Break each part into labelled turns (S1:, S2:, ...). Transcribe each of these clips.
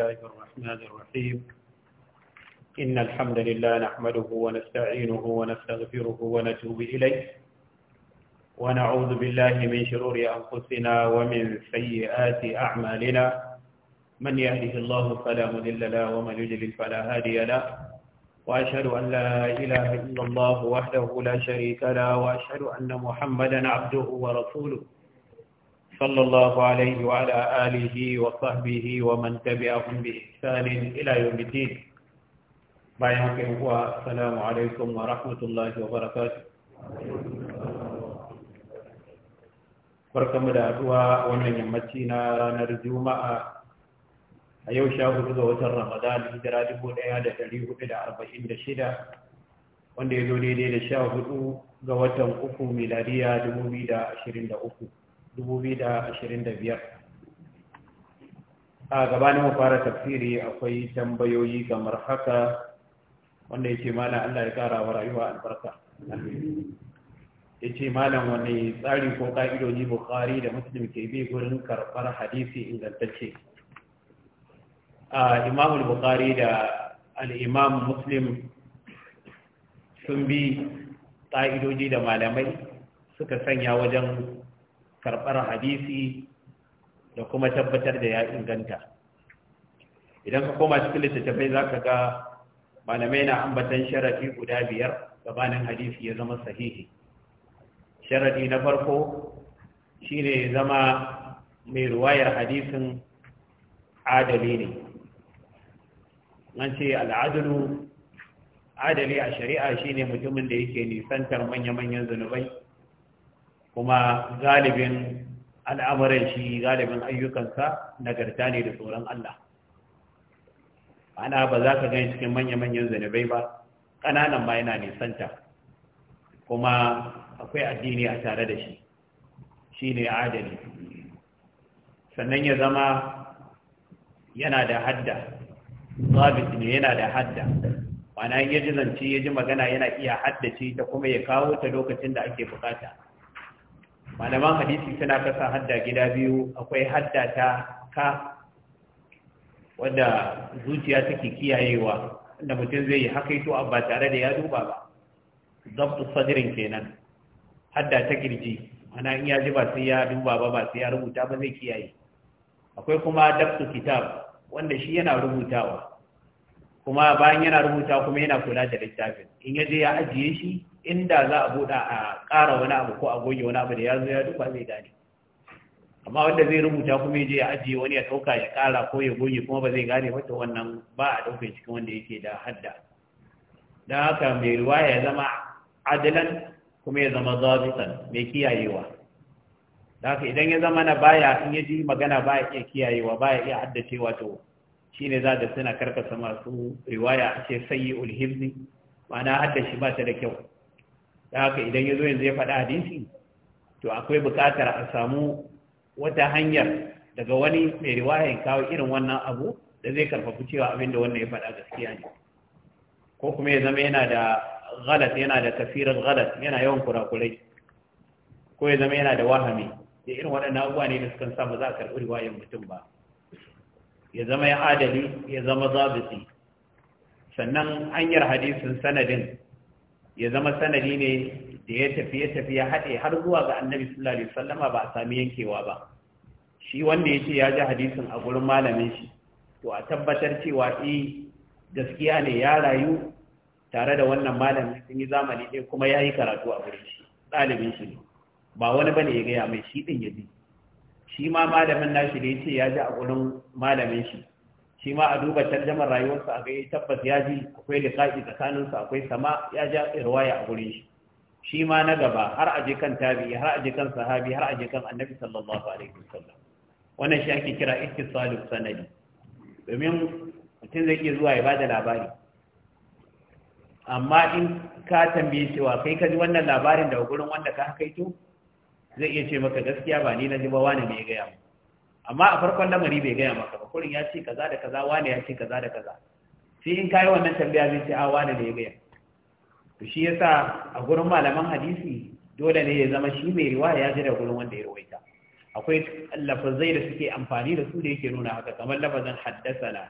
S1: الله الرحمن
S2: الرحيم إن الحمد لله نحمده ونستعينه ونستغفره ونتوب إليه ونعوذ بالله من شرور أنفسنا ومن سيئات أعمالنا من يهده الله فلا مذل له ومن يجلل فلا هادي له وأشهد أن لا إله إلا الله وحده لا شريك له وأشهد أن محمدا عبده ورسوله صلى الله عليه وعلى آله وصحبه ومن تبعهم بإحسان إلى يوم الدين بايعك السلام عليكم ورحمة الله وبركاته barkamu da haduwa wannan yammaci na ranar juma'a a yau sha hudu ga watan ramadan hijira dubu daya da dari hudu da arba'in da shida wanda ya zo daidai da sha hudu ga watan uku miladiya dubu biyu da ashirin da uku 2025 a gabanin mu fara tafsiri akwai tambayoyi kamar haka wanda yake mana Allah ya kara wa rayuwa albarka yace malam wani tsari ko ka'idoji bukhari da muslim ke bi gurin karbar hadisi ingantacce a imam bukhari da al-imam muslim sun bi ka'idoji da malamai suka sanya wajen karɓar hadisi da kuma tabbatar da ya inganta idan ka koma cikin littattafai za ka ga malamai na ambatan sharafi guda biyar gabanin hadisi ya zama sahihi sharadi na farko shine zama mai ruwayar hadisin adali ne an ce al'adalu adali a shari'a shine mutumin da yake nisantar manya-manyan zunubai kuma galibin al'amuran shi galibin ayyukansa nagarta ne da tsoron Allah ana ba za ka gani cikin manya-manyan zanibai ba ƙananan ma yana nisanta kuma akwai addini a tare da shi shi ne adali sannan ya zama yana da hadda zabit ne yana da hadda mana ya ji zance ya ji magana yana iya haddace ta kuma ya kawo ta lokacin da ake bukata malaman hadisi suna kasa hadda gida biyu akwai hadda ta ka wadda zuciya take kiyayewa inda mutum zai yi hakaito ba tare da ya duba ba zabtu sadirin kenan hadda ta kirji ana in ya ji ba sai ya duba ba ba sai ya rubuta ba zai kiyaye akwai kuma dabtu kitab wanda shi yana rubutawa kuma bayan yana rubuta kuma yana kula da littafin in ya je ya ajiye shi inda za a buɗa a ƙara wani abu ko a goge wani abu da ya zo ya duka, zai gane amma wanda zai rubuta kuma ya je ya ajiye wani ya ɗauka ya ƙara ko ya goge kuma ba zai gane wata wannan ba a ɗauke cikin wanda yake da hadda don haka mai riwaya ya zama adilan kuma ya zama zabitan mai kiyayewa da haka idan ya zama na baya in ya ji magana baya iya kiyayewa baya iya to shi shine za da suna karkasa masu riwaya a ce sayi ulhibni ma'ana haddashi ba ta da kyau da haka idan ya zo yanzu ya faɗi hadisi to akwai buƙatar a samu wata hanyar daga wani mai riwaya ya kawo irin wannan abu da zai karfafi cewa abin da wannan ya faɗa gaskiya ne ko kuma ya zama yana da galat yana da kafirar galat yana yawan kurakurai ko ya zama yana da wahami da irin waɗannan abubuwa ne da sa ba za a karɓi riwayar mutum ba ya zama ya adali ya zama zabisi sannan hanyar hadisin sanadin ya zama sanadi ne da ya tafi ya tafi ya haɗe har zuwa ga annabi sallallahu alaihi wasallama ba a sami yankewa ba shi wanda ya ce ya ji hadisin a gurin malamin shi to a tabbatar cewa e gaskiya ne ya rayu tare da wannan malamin sun yi zamani ɗaya kuma ya yi karatu a gurin shi ɗalibin shi ne ba wani bane ya gaya mai shi ɗin ya ji shi ma malamin nashi da ya ce ya ji a gurin malamin shi shi ma a duba tarjamar rayuwarsa a gaye tabbas ya ji akwai liƙaƙi tsakaninsa akwai sama ya ja irwaya a gurin shi shi ma na gaba har je kan tabi har je kan sahabi har je kan annabi sallallahu alaihi wasallam wannan shi ake kira ittisalu sanadi domin mutum zai iya zuwa ya bada labari amma in ka tambaye cewa kai ka ji wannan labarin daga gurin wanda ka haka ito, zai iya ce maka gaskiya ba ni na ji ba wani ne ya gaya mu amma a farkon lamari bai gaya maka ba kurin ya ce kaza da kaza wane ya ce kaza da kaza sai in kayi wannan tambaya zai ce a wane ne ya gaya to shi yasa a gurin malaman hadisi dole ne ya zama shi mai riwaya ya ji da gurin wanda ya rawaita akwai lafazai da suke amfani da su da yake nuna haka kamar lafazin haddasana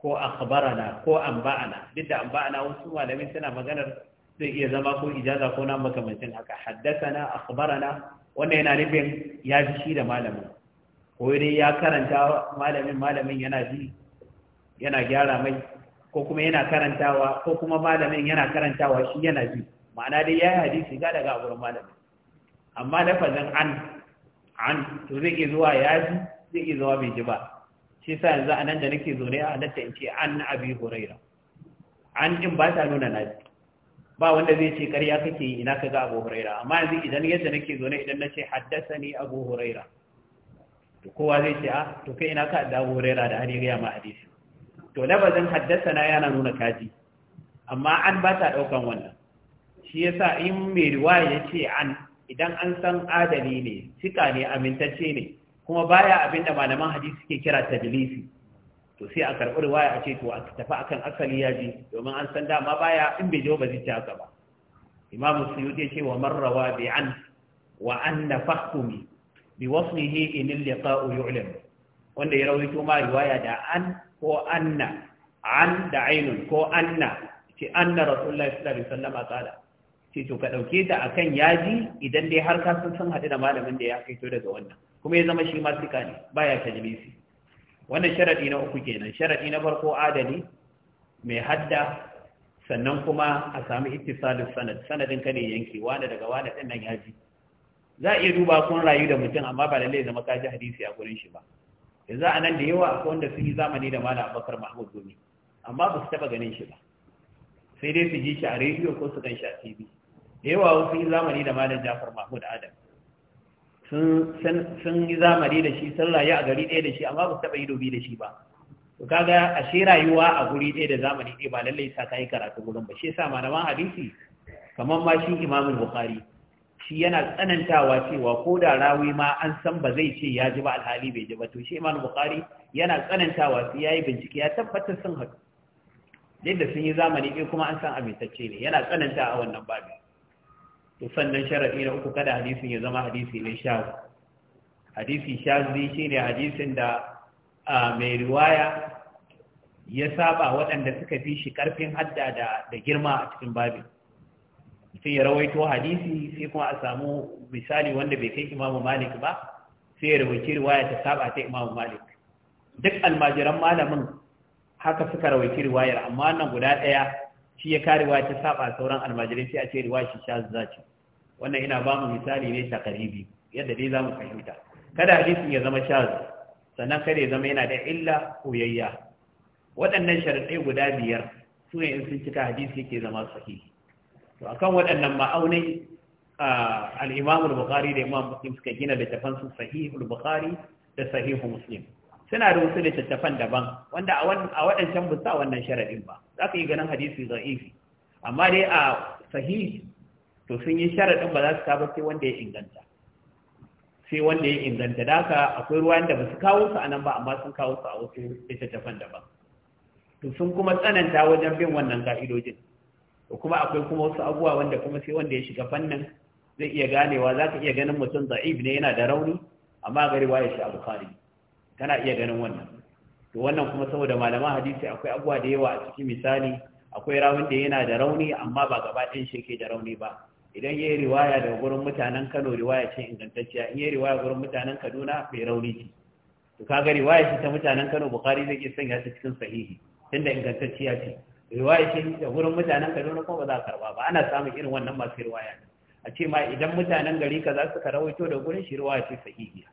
S2: ko akhbarana ko anba'ana duk da anba'ana wasu malamin suna maganar zai iya zama ko ijaza ko na makamancin haka haddasana akhbarana wannan yana nufin ya ji shi da malamin ko dai ya karanta malamin malamin yana ji yana gyara mai ko kuma yana karantawa ko kuma malamin yana karantawa shi yana ji ma'ana dai ya yi hadisi ga daga wurin malamin amma lafazin an an to zai iya zuwa ya ji zai iya zuwa bai ji ba shi sa yanzu a nan da nake zaune a halatta in ce an abi huraira an din ba ta nuna na ji ba wanda zai ce ƙarya kake ina ka ga abu huraira amma yanzu idan yadda nake zaune idan na ce haddasa ni abu huraira to kowa zai ce a ah, to kai ina ka dawo rera da hari gaya ma hadisi to labazin haddasa na yana nuna kaji amma an ba ta ɗaukan wannan shi yasa in mai riwaya ya ce an idan an san adali ne cika ne amintacce ne kuma baya abinda malaman hadisi suke kira tadlisi to sai a karɓi riwaya a ce to a tafi akan asali ya ji domin an san dama baya in bai jawo ba zai haka ba imamu suyuti ya ce wa marrawa bi an wa an na bi waslihi in liqa'u yu'lam wanda ya rawaito ma riwaya da an ko anna an da ainun ko anna ce anna rasulullahi sallallahu alaihi wasallam qala ce to ka dauke ta akan yaji idan dai har ka san san hade da malamin da ya kaito daga wannan kuma ya zama shi ma sika ne baya tajlisi wannan sharadi na uku kenan sharadi na farko adali mai hadda sannan kuma a sami ittisalus sanad sanadin ka ne yanki wani daga wani din nan yaji za a iya duba kun rayu da mutum amma ba lallai zama kaji hadisi a gurin shi ba yanzu a nan da yawa akwai wanda sun yi zamani da malam abubakar mahmud gumi amma ba su taba ganin shi ba sai dai su ji shi a rediyo ko su gan shi a tv da yawa sun yi zamani da malam jafar mahmud adam sun yi zamani da shi sun rayu a gari ɗaya da shi amma ba su taba yi dobi da shi ba to kaga ashe rayuwa a guri ɗaya da zamani ɗaya ba lallai sa ka yi karatu gurin ba shi yasa malaman hadisi kamar ma shi imamul bukhari shi yana tsanantawa cewa ko da rawi ma an san ba zai ce ya ji ba alhali bai ji ba to shi imam bukhari yana tsanantawa sai yayi bincike ya tabbatar sun haɗu yadda sun yi zamani ɗaya kuma an san amintacce ne yana tsananta a wannan babi to sannan sharaɗi na uku kada hadisin ya zama hadisi ne shazu hadisi shazi ne hadisin da mai riwaya ya saba waɗanda suka fi shi ƙarfin hadda da girma a cikin babin sai ya rawaito hadisi sai kuma a samu misali wanda bai kai imamu malik ba sai ya rawaice riwaya ta saba ta imamu malik duk almajiran malamin haka suka rawaice riwayar amma nan guda ɗaya shi ya kare riwaya ta saba sauran almajirai sai a ce riwaya shi sha zaci wannan ina ba mu misali ne ta karibi yadda dai za mu fahimta kada hadisin ya zama sha sannan kada ya zama yana da illa koyayya waɗannan sharaɗai guda biyar su ne in sun cika hadisi yake zama sahihi to akan waɗannan ma'aunai a al'imamul bukari bukhari da Imam Muslim suka gina tafan su sahihul bukari bukhari da sahihul Muslim suna da wasu littattafan daban wanda a waɗancan ba sa wannan sharaɗin ba za ka yi ganin hadisi za'ifi amma dai a sahihi to sun yi sharaɗin ba za su kawo sai wanda ya inganta sai wanda ya inganta da haka akwai ruwan da ba su kawo su a nan ba amma sun kawo su a wasu littattafan daban to sun kuma tsananta wajen bin wannan ka'idojin to kuma akwai kuma wasu abubuwa wanda kuma sai wanda ya shiga fannin zai iya ganewa za ka iya ganin mutum za'ib ne yana da rauni amma ga riwayar shi a bukhari kana iya ganin wannan to wannan kuma saboda malaman hadisi akwai abubuwa da yawa a ciki misali akwai rawun da yana da rauni amma ba gaba ɗin shi yake da rauni ba idan yayi riwaya daga gurin mutanen Kano riwaya ce ingantacciya in yayi riwaya gurin mutanen Kaduna bai rauni ce to kaga riwaya ce ta mutanen Kano Bukhari zai iya sanya ta cikin sahihi tunda ingantacciya ce riwaya ce da wurin mutanen Kaduna kuma ba za a karba ba ana samun irin wannan masu riwaya a ce ma idan mutanen gari kaza suka rawaito da gurin shi riwaya ce sahihiya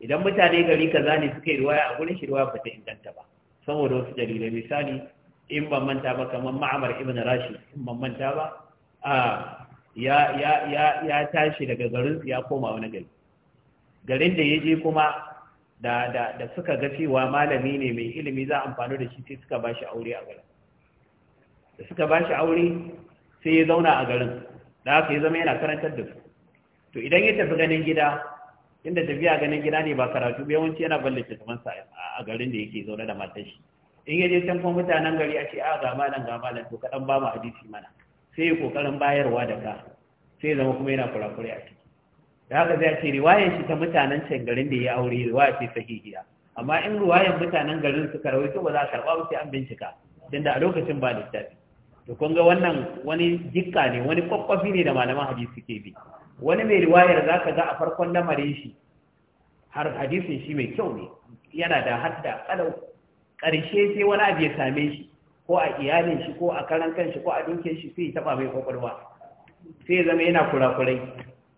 S2: idan mutane gari kaza ne suka yi riwaya a gurin shi riwaya ba ta inganta ba saboda wasu dalilai misali in ban manta ba kamar ma'amar ibn rashid in ban manta ba ya ya ya ya tashi daga garin ya koma wani gari garin da ya je kuma da da suka ga cewa malami ne mai ilimi za a amfani da shi sai suka ba shi aure a garin da suka ba shi aure sai ya zauna a garin da haka ya zama yana karantar da su to idan ya tafi ganin gida inda tafiya ganin gida ne ba karatu ba yawanci yana ballace kamar sa a garin da yake zaune da matar shi in ya je can kuma mutanen gari a ce a ah, ga malam ga malam to kaɗan ba mu hadisi mana sai ya kokarin bayarwa da ka sai ya zama kuma yana kurakure a ciki da haka zai ce riwayar shi ta mutanen can garin da ya aure riwaya ce sahihiya amma in ruwayan mutanen garin suka rawaito ba za a karɓa ba sai an bincika tunda a lokacin ba littafi to kun ga wannan wani jikka ne wani kwakwafi ne da malaman hadisi ke bi wani mai riwayar za ka ga a farkon lamarin shi har hadisin shi mai kyau ne yana da hadda kalau karshe sai wani abu ya same shi ko a iyalin shi ko a karan kan shi ko a dukiyar shi sai taba mai kwakwalwa sai zama yana kurakurai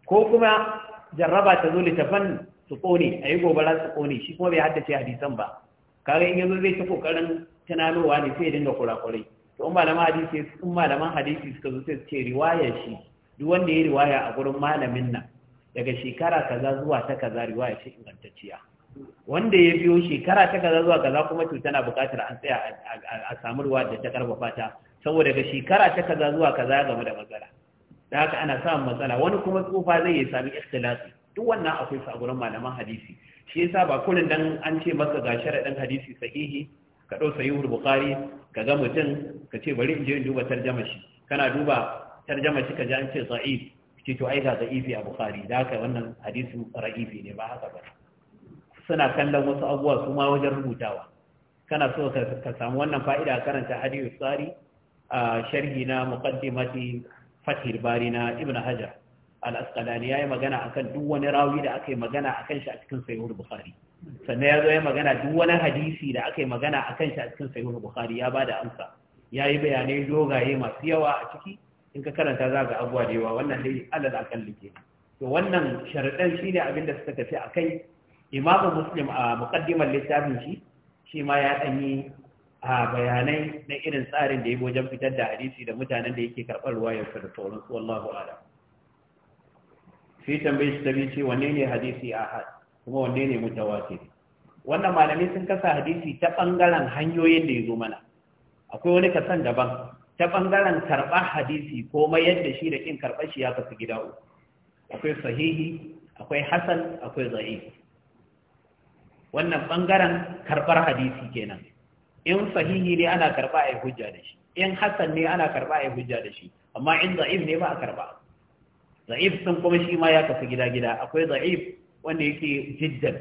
S2: ko kuma jarraba ta zo littafan su kone a yi gobara su kone shi kuma bai haddace hadisan ba kaga in yanzu zai ta kokarin tunanowa ne sai ya dinga kurakurai to in malaman hadisi in malaman hadisi suka zo sai ce riwaya shi duk wanda ya riwaya a gurin malamin nan daga shekara kaza zuwa ta kaza riwaya shi ingantacciya wanda ya biyo shekara ta kaza zuwa kaza kuma to tana buƙatar an tsaya a samu ruwa da ta karfafa ta saboda daga shekara ta kaza zuwa kaza game da matsala da haka ana samun matsala wani kuma tsufa zai yi sami ikhtilafi duk wannan akwai su a gurin malaman hadisi shi yasa ba kullun dan an ce masa ga sharadin hadisi sahihi ka ɗau sahihul bukhari ka ga mutum ka ce bari in je in duba tarjama shi kana duba tarjama shi ka ji an ce za'if, ce to ai ga za'ifi a bukhari da haka wannan hadisu ra'ifi ne ba haka ba suna kallon wasu abubuwa su ma wajen rubutawa kana so ka samu wannan fa'ida karanta hadiyu tsari a sharhi na muqaddimati fathil bari na ibn hajar al-asqalani yayi magana akan duk wani rawi da aka yi magana akan shi a cikin sahihul bukhari sannan ya zo ya magana duk wani hadisi da aka yi magana a kan shi a cikin sahihul bukhari ya bada amsa ya yi bayanai dogaye masu yawa a ciki in ka karanta za ga abuwa da yawa wannan dai alal akalli ke to wannan sharaɗan shi ne abin da suka tafi a kai imamu muslim a muqaddimar littafin shi shi ma ya ɗan yi a bayanai na irin tsarin da ya wajen fitar da hadisi da mutanen da yake karɓar sa da sauransu wallahu a'lam sai tambayi shi ta ce wanne ne hadisi ahad kuma wanne ne mutawatir wannan malamai sun kasa hadisi ta bangaren hanyoyin da ya zo mana akwai wani kasan daban ta bangaren karɓar hadisi ko mai yadda shi da kin karɓar shi ya kasu gida uku akwai sahihi akwai hasan akwai dhaif wannan bangaren karɓar hadisi kenan in sahihi ne ana karba a hujja da shi in hasan ne ana karba a hujja da shi amma in za'if ne ba a karɓa za'if sun kuma shi ma ya kasu gida-gida akwai za'if wanda yake jiddan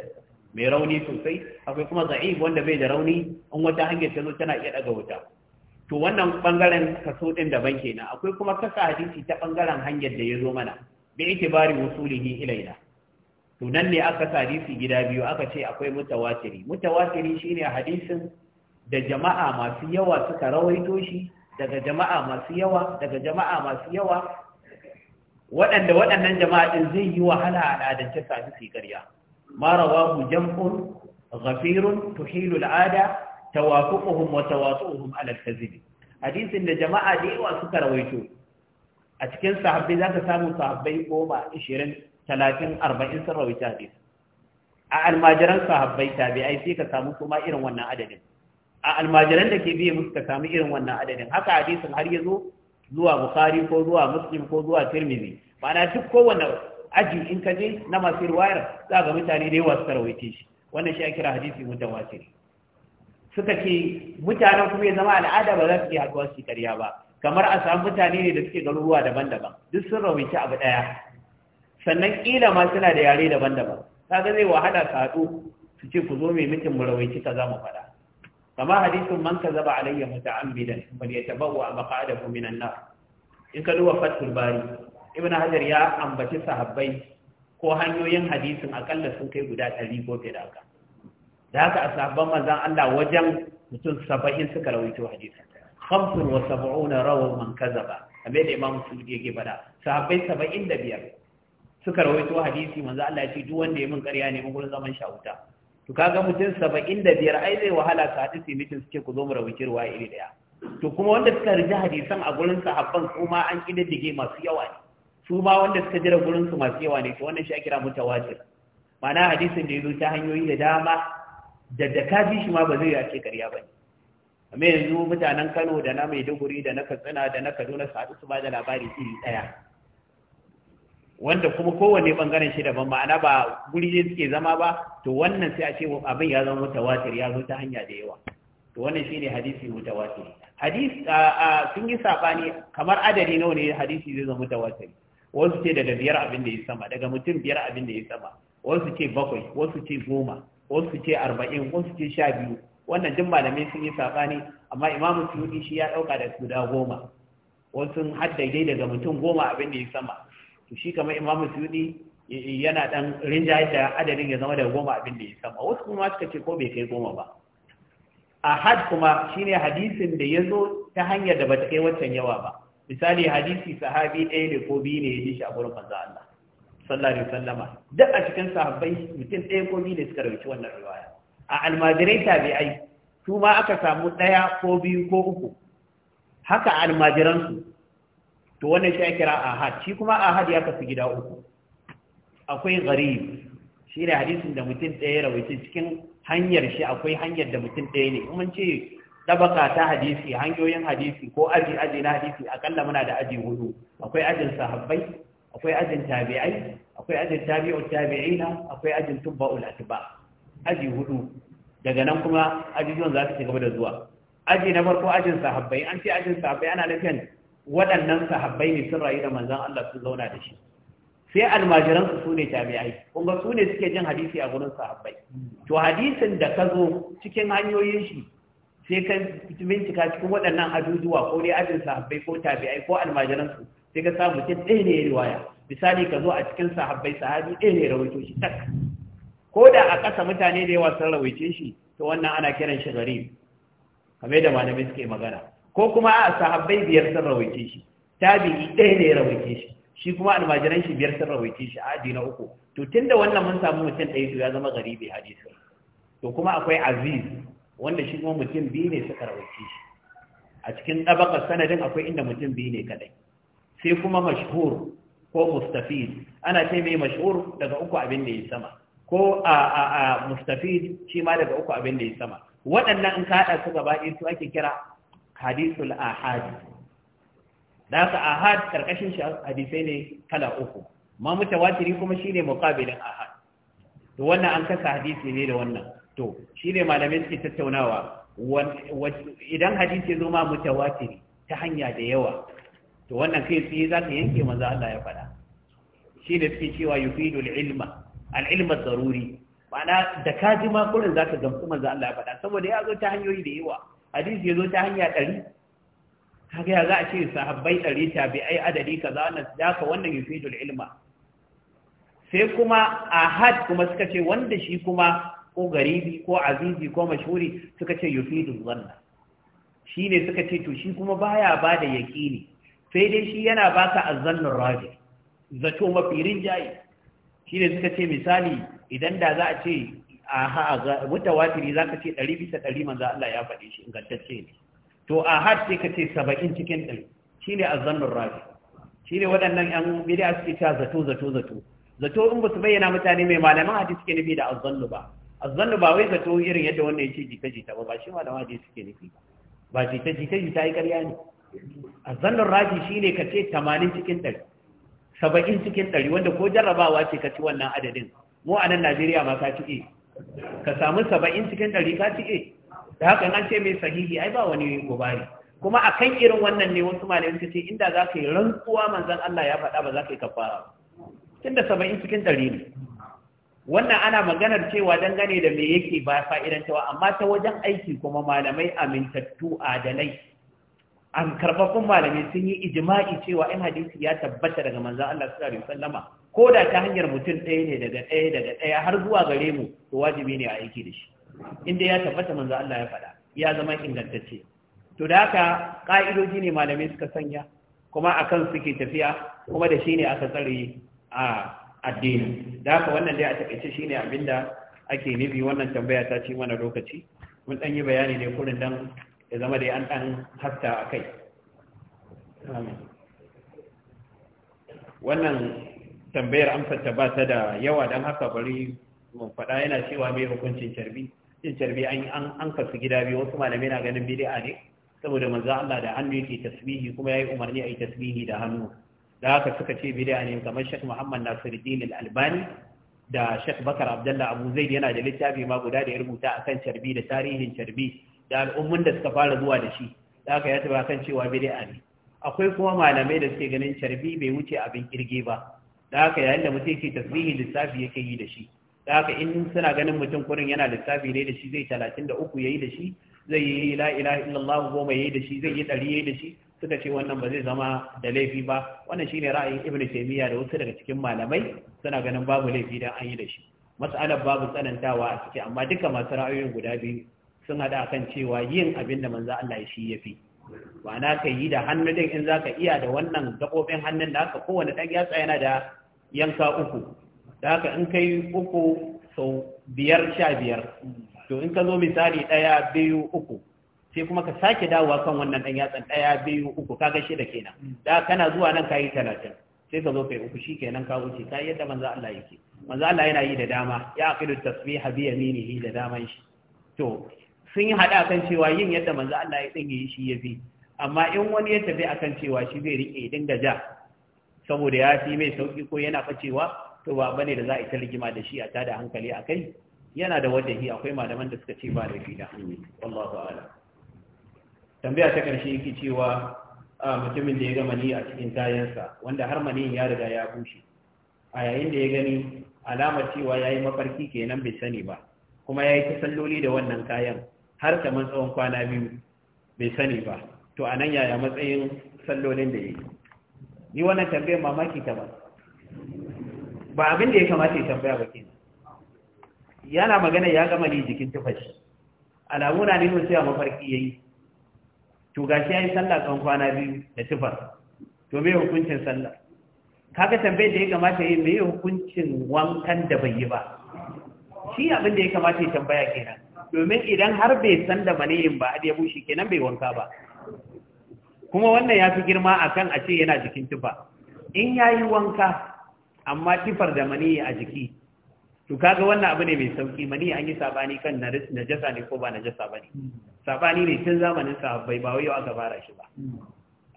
S2: mai rauni sosai akwai kuma za'ib wanda bai da rauni in wata hanyar ta zo tana iya daga wuta to wannan bangaren kaso din daban kenan akwai kuma kasa hadisi ta bangaren hanyar da ya zo mana bi itibari wusulihi ilaina to nan ne aka sa hadisi gida biyu aka ce akwai mutawatiri mutawatiri shine hadisin da jama'a masu yawa suka rawaito shi daga jama'a masu yawa daga jama'a masu yawa waɗanda waɗannan jama'a ɗin zai yi wahala a al'adance kafin su yi ƙarya ma rawahu jam'un ghafirun tuhilu al'ada tawafuquhum wa tawasuhum ala al-kadhib hadisin da jama'a da yawa suka rawaito a cikin sahabbai zaka samu sahabbai goma 20 30 40 sun rawaita hadisi a almajiran sahabbai tabi'ai sai ka samu kuma irin wannan adadin a almajiran da ke biye musu ka samu irin wannan adadin haka hadisin har ya zo zuwa bukhari ko zuwa muslim ko zuwa tirmidhi na duk kowane aji in ka je na masu ruwayar za ga mutane da yawa su tarwaite shi wannan shi ya kira hadisi mutawatir suka ce mutanen kuma ya zama al'ada ba za su yi haɗuwa su karya ba kamar a samu mutane ne da suke garuruwa daban-daban duk sun rawaice abu ɗaya sannan ƙila ma suna da yare daban-daban kaga zai wahala su haɗu su ce ku zo mai mutum mu rawaice za mu faɗa kama hadisin man kazaba alayya muta'ammidan bal yatabawwa maq'adahu minan nar in ka duba fathul bari ibn hajar ya ambaci sahabbai ko hanyoyin hadisin akalla sun kai guda ɗari ko fiye da haka da haka a sahabban manzon Allah wajen mutum saba'in suka rawaito hadisin khamsun wa sab'una rawu man kazaba kamar da imam musulmi yake bada sahabbai saba'in da biyar suka rawaito hadisi manzo Allah ya ce duk wanda ya min ƙarya ne mun gurin zaman shahuta. to kaga mutum saba'in da biyar ai zai wahala ka hadisi mutum suke ku zo mu rabu kirwa iri ɗaya, to kuma wanda suka rija hadisan a gurin sahabban su ma an kididdige masu yawa ne su ma wanda suka jira gurin su masu yawa ne to wannan shi ake kira tawajir ma'ana hadisin da ya zo ta hanyoyi da dama da da ka ji shi ma ba zai yi a ƙarya ba ne amma yanzu mutanen Kano da na Maiduguri da na Katsina da na Kaduna su haɗu su ba da labari iri ɗaya wanda kuma kowanne bangaren shi daban ma'ana ba guri ne suke zama ba to wannan sai a ce abin ya zama mutawatir ya zo ta hanya da yawa to wannan shine hadisi mutawatir hadisi sun yi sabani kamar adadi nawa ne hadisi zai zama mutawatir wasu ce daga biyar abin da ya sama daga mutum biyar abin da ya sama wasu ce bakwai wasu ce goma wasu ce arba'in wasu ce sha biyu wannan duk malamai sun yi sabani amma imamu suyuti shi ya dauka da guda goma wasu har daidai daga mutum goma abin da ya sama shi kamar imam suyudi yana ɗan rinjaye da adadin ya zama da goma abin da ya kama wasu kuma suka ce ko bai kai goma ba ahad kuma shine hadisin da ya zo ta hanyar da bata kai wancan yawa ba misali hadisi sahabi ɗaya ne ko biyu ne ya ji shi a gurin manzo Allah sallallahu alaihi wasallama duk a cikin sahabbai mutum ɗaya ko biyu ne suka rauci wannan riwaya a almajirai tabi'ai su ma aka samu ɗaya ko biyu ko uku haka almajiransu to wannan shi ake kira ahad shi kuma ahad ya kasu gida uku akwai gharib shi ne hadisin da mutum ɗaya rawaita cikin hanyar shi akwai hanyar da mutum ɗaya ne kuma ce ɗabaka ta hadisi hanyoyin hadisi ko aji aji na hadisi akalla muna da aji hudu akwai ajin sahabbai akwai ajin tabi'ai akwai ajin tabi'u tabi'ina akwai ajin tubba'ul atba aji hudu daga nan kuma ajijuwan za su ci gaba da zuwa aji na farko ajin sahabbai an ce ajin sahabbai ana nufin waɗannan sahabbai ne sun rayu da manzan Allah sun zauna da shi sai almajiransu su ne tabi'ai kuma su ne suke jin hadisi a gurin sahabbai to hadisin da ka zo cikin hanyoyin shi sai ka bincika cikin waɗannan ajujuwa ko dai ajin sahabbai ko tabi'ai ko almajiransu sai ka samu mutum ɗaya ne ya riwaya misali ka zo a cikin sahabbai sahabi ɗaya ne rawaito shi tak ko da a ƙasa mutane da yawa sun rawaice shi to wannan ana kiran shi gari kamar yadda malamai suke magana ko kuma a sahabbai biyar sun rawaice shi tabi'i ɗaya ne ya rawaice shi shi kuma almajiran shi biyar sun rawaice shi a na uku to tunda wannan mun samu mutum ɗaya to ya zama garibi hadisi to kuma akwai aziz wanda shi kuma mutum biyu ne suka rawaice shi a cikin ɗabakar sanadin akwai inda mutum biyu ne kaɗai sai kuma mashhur ko mustafid ana ce mai mashhur daga uku abin da ya sama ko a a a mustafid shi ma daga uku abin da ya sama waɗannan in ka haɗa su gaba ɗaya su ake kira hadisul ahad da ka ahad karkashin shi hadisai ne kala uku ma mutawatiri kuma shine muqabilin ahad to wannan an kasa hadisi ne da wannan to shine malamai suke tattaunawa idan hadisi zo ma mutawatiri ta hanya da yawa to wannan kai tsaye za ka yanke manzo Allah ya faɗa shi da suke cewa yufidu al-ilma al-ilma daruri ma'ana da ka ji ma kurin za ka gamsu manzo Allah ya faɗa saboda ya zo ta hanyoyi da yawa hadisi ya zo ta hanya ɗari kaga ya za a ce sahabbai ɗari tabi'ai adadi ka kaza wannan daka wannan yufidul ilma sai kuma ahad kuma suka ce wanda shi kuma ko garibi ko azizi ko mashhuri suka ce yufidul zanna shi ne suka ce to shi kuma baya ba da yaƙini sai dai shi yana baka azannin Rabi. zato mafi rinjaye shi ne suka ce misali idan da za a ce aha mutawatiri ka ce ɗari bisa man manzo Allah ya faɗi shi ingantacce ne to har sai ka ce saba'in cikin ɗari. ne a zannin rafi Shi ne waɗannan yan bid'a suke ta zato zato zato zato in ba su bayyana mutane mai malaman hadisi suke nufi da azzannu ba azzannu ba wai zato irin yadda wannan yake jita jita ba ba shi malaman hadisi suke nufi ba jita jita jita yi ƙarya ne azzannur rafi shi ne ka ce tamanin cikin ɗari. Saba'in cikin ɗari. wanda ko jarrabawa ce ka ci wannan adadin mu a nan Najeriya ma ka ci ka samu saba'in cikin ɗari ka e da haka an ce mai sahihi ai ba wani gubari kuma a kan irin wannan ne wasu malamai suka ce inda za ka yi rantsuwa manzan Allah ya faɗa ba za ka yi kafara tun da saba'in cikin ɗari ne wannan ana maganar cewa dangane da me yake ba fa'idan cewa amma ta wajen aiki kuma malamai amintattu adalai an karɓaɓɓun malamai sun yi ijma'i cewa in hadisi ya tabbata daga manzan Allah sallallahu alaihi wasallama ko da ta hanyar mutum ɗaya ne daga ɗaya daga ɗaya har zuwa gare mu to wajibi ne a aiki da shi inda ya tabbata manzo Allah ya faɗa ya zama ingantacce to da haka ƙa'idoji ne malamai suka sanya kuma akan suke tafiya kuma da shi ne aka tsare a addini da haka wannan dai a takaice shine abinda ake nufi wannan tambaya ta ci mana lokaci mun ɗan yi bayani ne kurin dan ya zama dai an ɗan hafta a kai wannan tambayar amsar ta ba ta da yawa don haka bari mun faɗa yana cewa mai hukuncin carbi cin carbi an kasu gida biyu wasu malamai na ganin bid'a ne saboda manzo Allah da hannu yake tasbihi kuma yayi umarni ayi tasbihi da hannu da haka suka ce bid'a ne kamar Sheikh Muhammad Nasiruddin Al-Albani da Sheikh Bakar Abdullah Abu Zaid yana da littafi ma guda da ya rubuta akan carbi da tarihin carbi da al'ummun da suka fara zuwa da shi da haka ya taba kan cewa bid'a ne akwai kuma malamai da suke ganin carbi bai wuce abin kirge ba da haka yayin da mutum yake tasbihi lissafi yake yi da shi da haka in suna ganin mutum kurin yana lissafi ne da shi zai talatin da uku yayi da shi zai yi la ilaha illallah goma yayi da shi zai yi ɗari yayi da shi suka ce wannan ba zai zama da laifi ba wannan shine ra'ayin ibn taymiya da wasu daga cikin malamai suna ganin babu laifi dan an yi da shi mas'alar babu tsanantawa a ciki amma duka masu ra'ayoyin guda biyu sun hada kan cewa yin abin da manzo Allah ya shi yafi ma'ana ka yi da hannu din in za ka iya da wannan gaɓoɓin hannun da haka kowane ɗan yatsa yana da yanka uku da haka in ka yi uku sau biyar sha biyar to in ka zo misali ɗaya biyu uku sai kuma ka sake dawowa kan wannan ɗan yatsan ɗaya biyu uku ka ga da kenan da kana zuwa nan ka yi talatin sai ka zo kai uku shi kenan ka wuce ka yadda manzo Allah yake manzo Allah yana yi da dama ya aqidu tasbiha bi yaminihi da daman shi to sun yi hada kan cewa yin yadda manzo Allah ya yi shi ya fi amma in wani ya tafi akan cewa shi zai rike dinga ja saboda ya fi mai sauki ko yana facewa to ba bane da za a yi ta rigima da shi a tada hankali a kai yana da wadahi akwai malaman da suka ce ba da fida wallahu a'lam tambaya ta karshe yake cewa mutumin da ya gama ni a cikin tayansa wanda har maniyin ya riga ya bushe a yayin da ya gani alamar cewa ya yi mafarki kenan bai sani ba kuma ya yi ta salloli da wannan kayan har kamar tsawon kwana biyu bai sani ba to a nan yaya matsayin sallolin da ya yi ni wannan tambayar mamaki ta ba ba abin da ya kamata ya tambaya ba kenan yana magana ya gama ne jikin tufashi alamu na nuna cewa mafarki ya yi to gashi ya yi sallah tsawon kwana biyu da tufar to me hukuncin sallah kaga tambayar da ya kamata ya yi me hukuncin wankan da bai yi ba
S1: shi abin da ya kamata ya
S2: tambaya kenan domin idan har bai san da maniyin ba ya bushe kenan bai wanka ba kuma wannan ya fi girma akan kan a ce yana jikin tufa in ya yi wanka amma tifar da maniyi a jiki to kaga wannan abu ne mai sauki maniyi an yi sabani kan na jasa ne ko ba na ba ne sabani ne tun zamanin sahabbai ba wai aka fara shi ba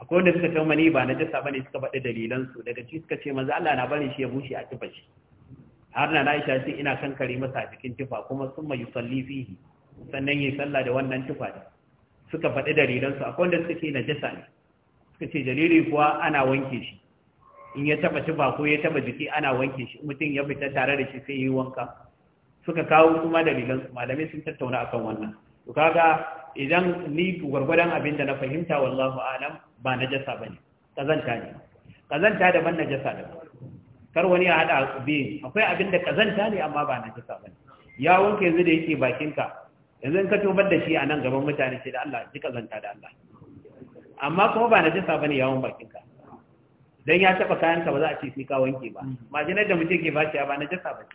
S2: akwai wanda suka ce maniyi ba na ba ne suka faɗi dalilansu daga ciki suka ce maza Allah na barin shi ya bushe a tufa shi har na Aisha ce ina kankare masa a cikin tufa kuma sun mai yusalli fihi sannan yi sallah da wannan tufa da suka faɗi dalilansu akwai wanda suke na jasa ne suka ce jariri kuwa ana wanke shi in ya taba tufa ko ya taba jiki ana wanke shi mutum ya fita tare da shi sai yi wanka suka kawo kuma da su malamai sun tattauna akan wannan to kaga idan ni gwargwadon abin da na fahimta wallahu alam ba jasa bane kazanta ne kazanta daban jasa daban kar wani ya haɗa biyu akwai abin da kazanta ne amma ba na jisa bane ya wanke yanzu da yake bakinka yanzu ka tobar da shi a nan gaban mutane ce da Allah ji kazanta da Allah amma kuma ba na ba bane yawon bakinka dan ya taba kayanka ba za a ce sai ka wanke ba majinar da mutum ke baciya ba na jisa ba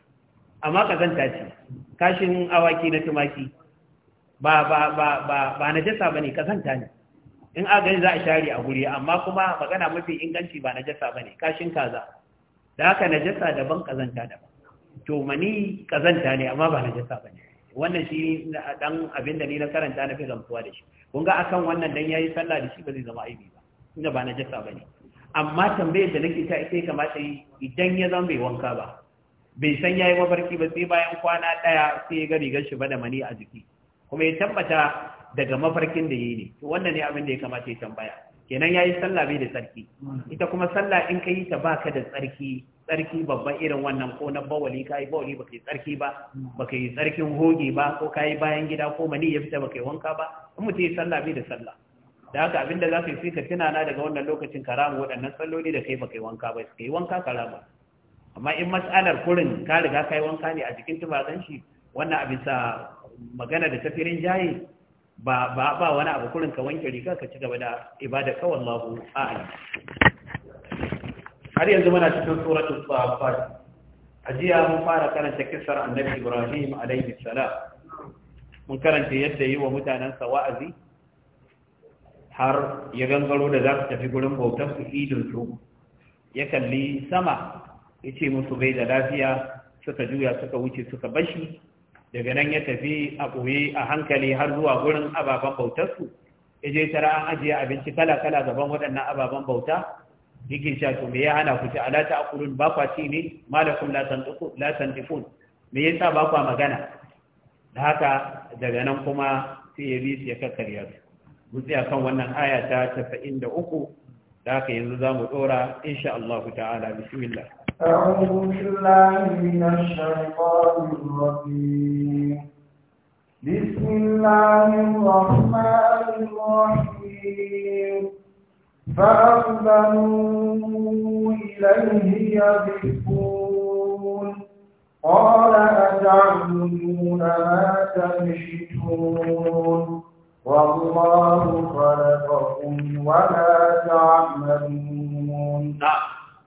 S2: amma kazanta ce kashin awaki na tumaki ba ba ba ba ba na jisa bane kazanta ne in agani za a share a guri amma kuma magana mafi inganci ba na jasa bane kashin kaza da haka najasa daban kazanta daban to mani kazanta ne amma ba najasa bane wannan shi dan abin da ni na karanta na fi gamsuwa da shi kun ga akan wannan dan yayi sallah da shi ba zai zama aibi ba inda ba najasa bane amma tambayar da nake ta ita kamata idan ya zama bai wanka ba bai san yayi mafarki ba sai bayan kwana daya sai ya ga rigar shi ba da mani a jiki kuma ya tabbata daga mafarkin da yi ne to wannan ne abin da ya kamata ya tambaya kenan yayi sallah bai da tsarki ita kuma sallah in kai ta baka da tsarki tsarki babban irin wannan ko na bawali kai bawali baka yi tsarki ba baka yi tsarkin hoge ba ko kai bayan gida ko mani ya fita baka yi wanka ba in mutum yi sallah bai da sallah da haka abinda za ka yi sai ka na daga wannan lokacin karama waɗannan salloli da kai baka yi wanka ba ka yi wanka karama amma in mas'alar kurin ka riga kai wanka ne a jikin tubakan shi wannan abin sa magana da tafirin jayi ba ba wani abu kurin ka wanke riga ka ci gaba da ibada ka wallahu a'lam har yanzu muna cikin suratul safat ajiya mun fara karanta kissar annabi Ibrahim alaihi salam mun karanta yadda yi wa mutanen sa wa'azi har ya gangaro da za su tafi gurin bautar su ya kalli sama ya ce musu bai da lafiya suka juya suka wuce suka bashi daga nan ya tafi a ɓoye a hankali har zuwa gurin ababen bautarsu ya je tara an ajiye abinci kala-kala gaban waɗannan ababen bauta yake cewa to me ya hana ku ci ala ta akulun ba kwa ci ne malakum la me yasa ba kwa magana da haka daga nan kuma sai ya bi su ya kakkarya su tsaya kan wannan aya ta 93 da haka yanzu zamu ɗora? insha Allah ta'ala bismillah
S1: أعوذ بالله من الشيطان الرجيم بسم الله الرحمن الرحيم فأقبلوا إليه يبكون قال أتعبدون ما تمشتون والله خلقكم ولا تعملون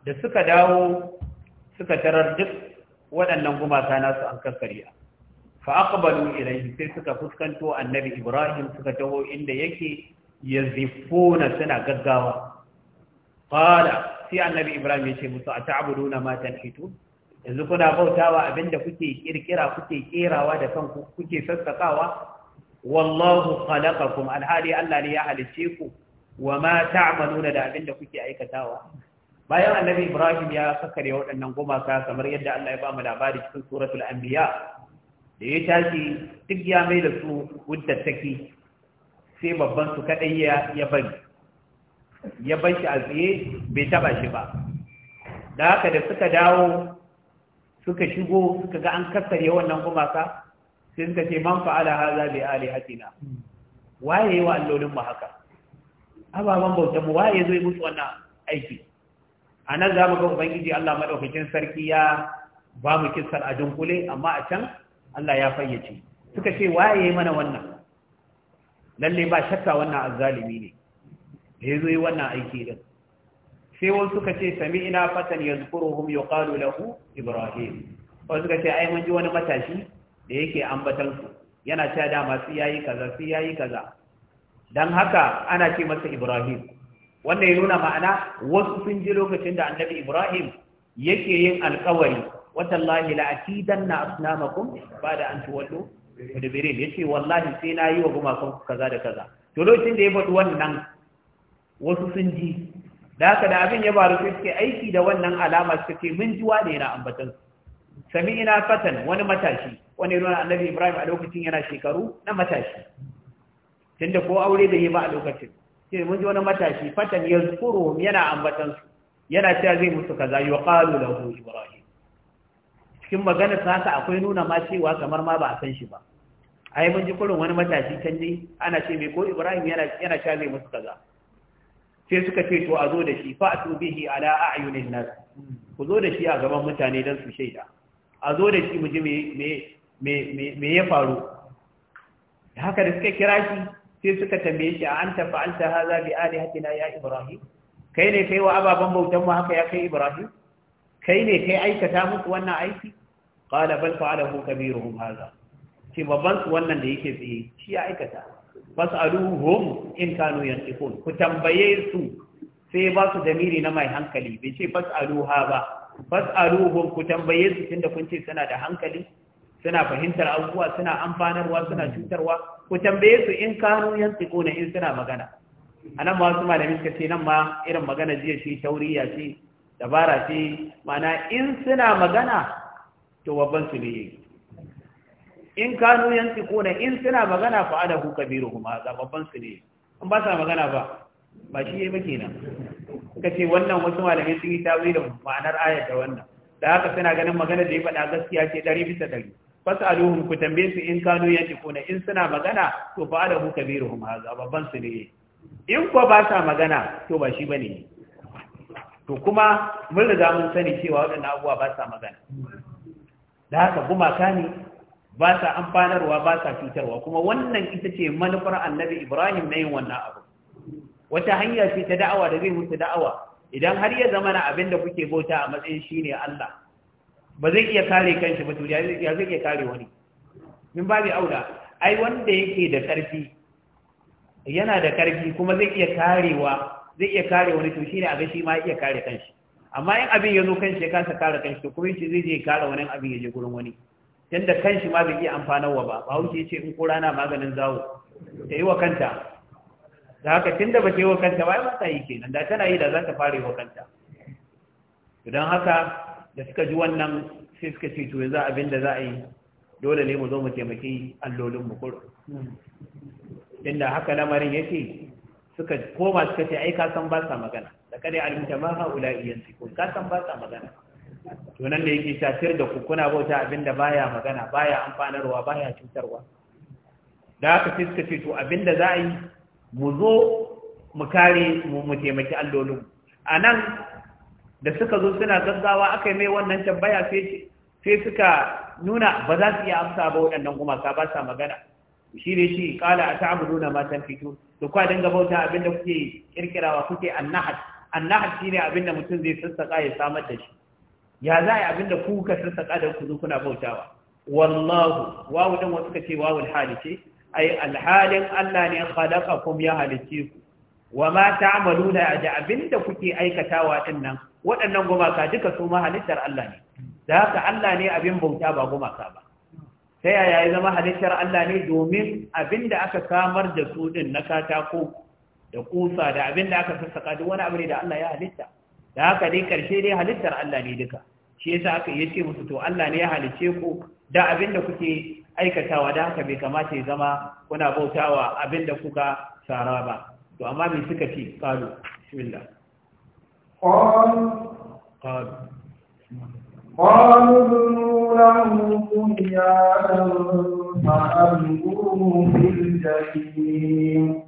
S2: da suka dawo suka tarar duk waɗannan gumaka nasu an karkariya. fa aqbalu ilayhi sai suka fuskanto annabi ibrahim suka taho inda yake yazifuna suna gaggawa qala sai annabi ibrahim ya ce musu ata'buduna ma tanhitu yanzu kuna bautawa abinda kuke kirkira kuke kerawa da kanku kuke sassakawa wallahu khalaqakum alhali Allah ne ya halice ku wa ma ta'maluna da abinda kuke aikatawa bayan annabi ibrahim ya sakare waɗannan gumaka kamar yadda Allah ya ba mu labari cikin suratul anbiya da ya tashi duk ya mai da su take sai babban su kadai ya ya bari ya bar shi a tsaye bai taba shi ba da haka da suka dawo suka shigo suka ga an kasare wannan gumaka sai suka ce man fa'ala haza bi hatina waye wa allolin mu haka ababan bautan mu waye zai musu wannan aiki a nan za mu ga ubangiji Allah madaukakin sarki ya ba mu kissar a dunkule amma a can Allah ya fayyace suka ce waye mana wannan lalle ba shakka wannan azzalimi ne da yazo yi wannan aiki din sai wasu suka ce sami'na fatan yazkuruhum yuqalu lahu ibrahim wasu suka ce ai mun ji wani matashi da yake ambatan su yana cewa da masu yayi kaza su yayi kaza dan haka ana ce masa ibrahim wannan ya nuna ma'ana wasu sun ji lokacin da annabi ibrahim yake yin alkawari watallahi la atidanna asnamakum ba'da an tuwallu mudbirin yace wallahi sai na yi wa gumakan kaza da kaza to lokacin da ya faɗi wannan wasu sun ji da haka da abin ya faru sai suke aiki da wannan alama suka ce mun ji wane yana ambatan sami ina fatan wani matashi wani nuna annabi ibrahim a lokacin yana shekaru na matashi tunda ko aure da yi ba a lokacin sai mun ji wani matashi fatan yazkuruhum yana ambatan su yana cewa zai musu kaza da lahu ibrahim cikin magana ta haka akwai nuna ma cewa kamar ma ba a san shi ba ai mun ji kurin wani matashi can ne ana ce mai ko ibrahim yana yana cewa zai musu kaza sai suka ce to a zo da shi fa atu bihi ala a'yunin nas ku zo da shi a gaban mutane dan su shaida a zo da shi mu ji me me me me ya faru haka da suka kira shi sai suka tambaye shi a an ta haza bi alihatina ya ibrahim kai ne kai wa ababen bautan mu haka ya kai ibrahim kai ne kai aikata musu wannan aiki qala bal fa'alahu kabiruhum haza ce babban su wannan da yake tsaye shi ya aikata fas'aluhum in kanu yantiqun ku tambaye su sai ba su damiri na mai hankali bai ce fas'aluha ba fas'aluhum ku tambaye su tunda kun ce suna da hankali suna fahimtar abubuwa suna amfanarwa suna cutarwa ku tambaye su in kanu yan tsiko ne in suna magana a nan ma wasu malami suka ce nan ma irin magana jiya shi tauriya ce dabara ce mana in suna magana to babban su ne in kanu yan tsiko ne in suna magana fa ada ku kabiru kuma ga babban su ne in ba sa magana ba ba shi yayi ba nan. suka ce wannan wasu malami sun yi da ma'anar ayar da wannan da haka suna ganin magana da ya faɗa gaskiya ce ɗari bisa ɗari fasaluhum ku tambaye su in kanu yantikuna in suna magana to fa alahu kabiruhum haza babban su ne in ko ba sa magana to ba shi bane to kuma mun riga mun sani cewa waɗannan abubuwa ba sa magana da haka gumaka ne ba sa amfanarwa ba sa cutarwa kuma wannan ita ce manufar annabi ibrahim na yin wannan abu wata hanya ce ta da'awa da zai mutu da'awa idan har ya zama na abin da kuke bauta a matsayin shine allah ba zai iya kare kanshi ba to ya zai iya kare wani min babu aula ai wanda yake da karfi yana da karfi kuma zai iya karewa zai iya kare wani to shine a ga shi ma iya kare kanshi amma in abin ya zo kanshi ya kasa kare kanshi to kuma shi zai je kare wani abin ya je gurin wani tunda kanshi ma bai iya amfanarwa ba ba wuce ce in ko rana maganin zawo ta yi wa kanta da haka tunda ba ta yi wa kanta ba ba ta yi kenan da tana yi da za ta fara yi wa kanta don haka da suka ji wannan sai suka ce to yanzu abin da za a yi dole ne mu zo mu taimaki allolin mu inda haka lamarin yake suka koma suka ce ai ka san ba sa magana da kada alimta ma haula iyan ko ka san ba sa magana to nan da yake shafir da ku kuna bauta abin da baya magana baya amfanarwa baya cutarwa da haka sai suka ce to abin da za a yi mu zo mu kare mu taimaki allolin a nan da suka zo suna gaggawa aka yi mai wannan tambaya sai sai suka nuna ba za su iya amsa ba waɗannan gumaka ba sa magana shi ne shi kala a nuna matan fito. da kwa dinga bauta abinda kuke kirkirawa kuke annahat annahat shine abinda mutum zai sassaƙa ya samar da shi ya za a yi abinda kuka sassaƙa da ku kuna bautawa wallahu wawu din wasu ka wawu alhali ce ai alhalin Allah ne khalaqakum ya halicce ku wa ma ta'maluna da abinda kuke aikatawa din nan waɗannan gumaka duka su ma halittar Allah ne da haka Allah ne abin bauta ba gumaka ba ta yaya ya zama halittar Allah ne domin abinda aka samar da su din na katako da kusa da abinda aka sassaka duk wani abu ne da Allah ya halitta da haka dai karshe dai halittar Allah ne duka shi yasa aka yace musu to Allah ne ya halice ku da abinda kuke aikatawa da haka bai kamata ya zama kuna bautawa abinda kuka sara ba to amma me suka ce qalu bismillah
S1: qalu qalu قالوا ابنوا له بنيانا فألقوه في الجحيم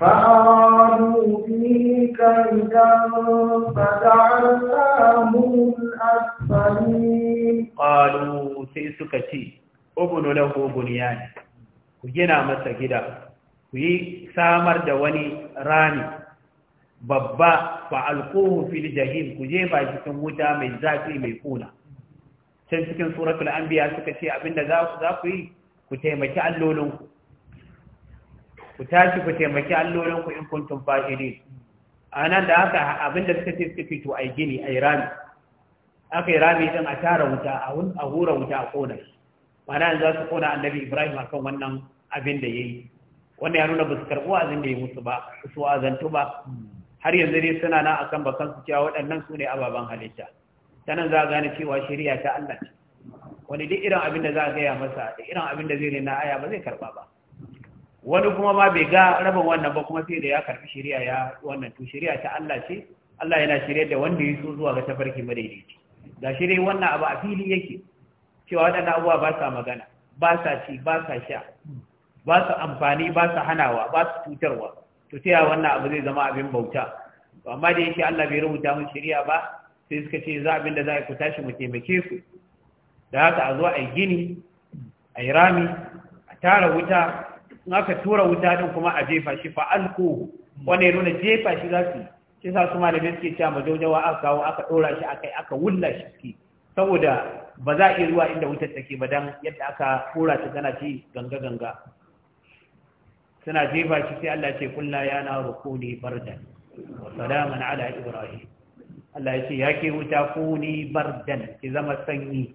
S1: فأرادوا به كيدا فجعلناهم الأسفلين
S2: قالوا سيسكتي ابن له بنيانا ku gina ku yi samar da wani rami babba fa alquhu fil jahim ku je ba cikin wuta mai zafi mai kuna can cikin suratul anbiya suka ce abinda za za ku yi ku taimaki allolin ku tashi ku taimaki ku in kuntum fa'ilin anan da haka abinda suka ce suka fito ai gini ai rami aka yi rami din a tara wuta a hura wuta a kona mana za su kona annabi ibrahim akan wannan abin da yayi wannan ya nuna ba su karɓi wa'azin da ya musu ba su wa'azantu ba har yanzu dai suna nan akan bakan su cewa waɗannan su ne ababen halitta ta nan za a gane cewa shari'a ta Allah ce wani duk irin abin da za a gaya masa da irin abin da zai rena aya ba zai karɓa ba wani kuma ma bai ga rabin wannan ba kuma sai da ya karɓi shari'a ya wannan to shari'a ta Allah ce Allah yana shirye da wanda ya so zuwa ga tafarki madaidaici ga shirye wannan abu a fili yake cewa waɗannan abubuwa ba sa magana ba sa ci ba sa sha ba su amfani ba su hanawa ba su cutarwa to ta wannan abu zai zama abin bauta to amma da yake Allah bai rubuta mun shari'a ba sai suka ce za abin da za a ku tashi mu taimake ku da haka a zo a yi gini a yi rami a tara wuta in aka tura wuta din kuma a jefa shi fa alko wanda ya nuna jefa shi za su shi sa su malamai suke cewa majaujawa aka kawo aka ɗora shi akai aka wulla shi suke saboda ba za a iya zuwa inda wutar take ba dan yadda aka kura ta tana ci ganga ganga suna jefa shi sai Allah ce kulla ya na rukuni bardan wa salaman ala ibrahim Allah ya ce ya ke wuta kuni bardan ki zama sanyi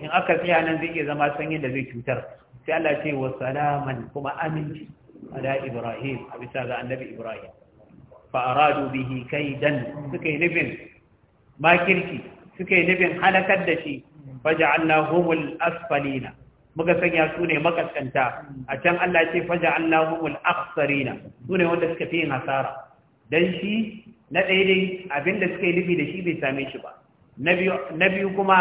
S2: in aka tsaya nan zai iya zama sanyi da zai cutar sai Allah ce wa salaman kuma aminci ala ibrahim a bisa ga annabi ibrahim fa aradu bihi kaidan suka yi nufin makirki suka yi nufin halakar da shi faja'alnahumul asfalina muka sanya su ne makaskanta a can Allah ce faja Allahumul akhsarina su ne wanda suka fi yin hasara dan shi na daidai abinda suka yi nufi da shi bai same shi ba na biyu kuma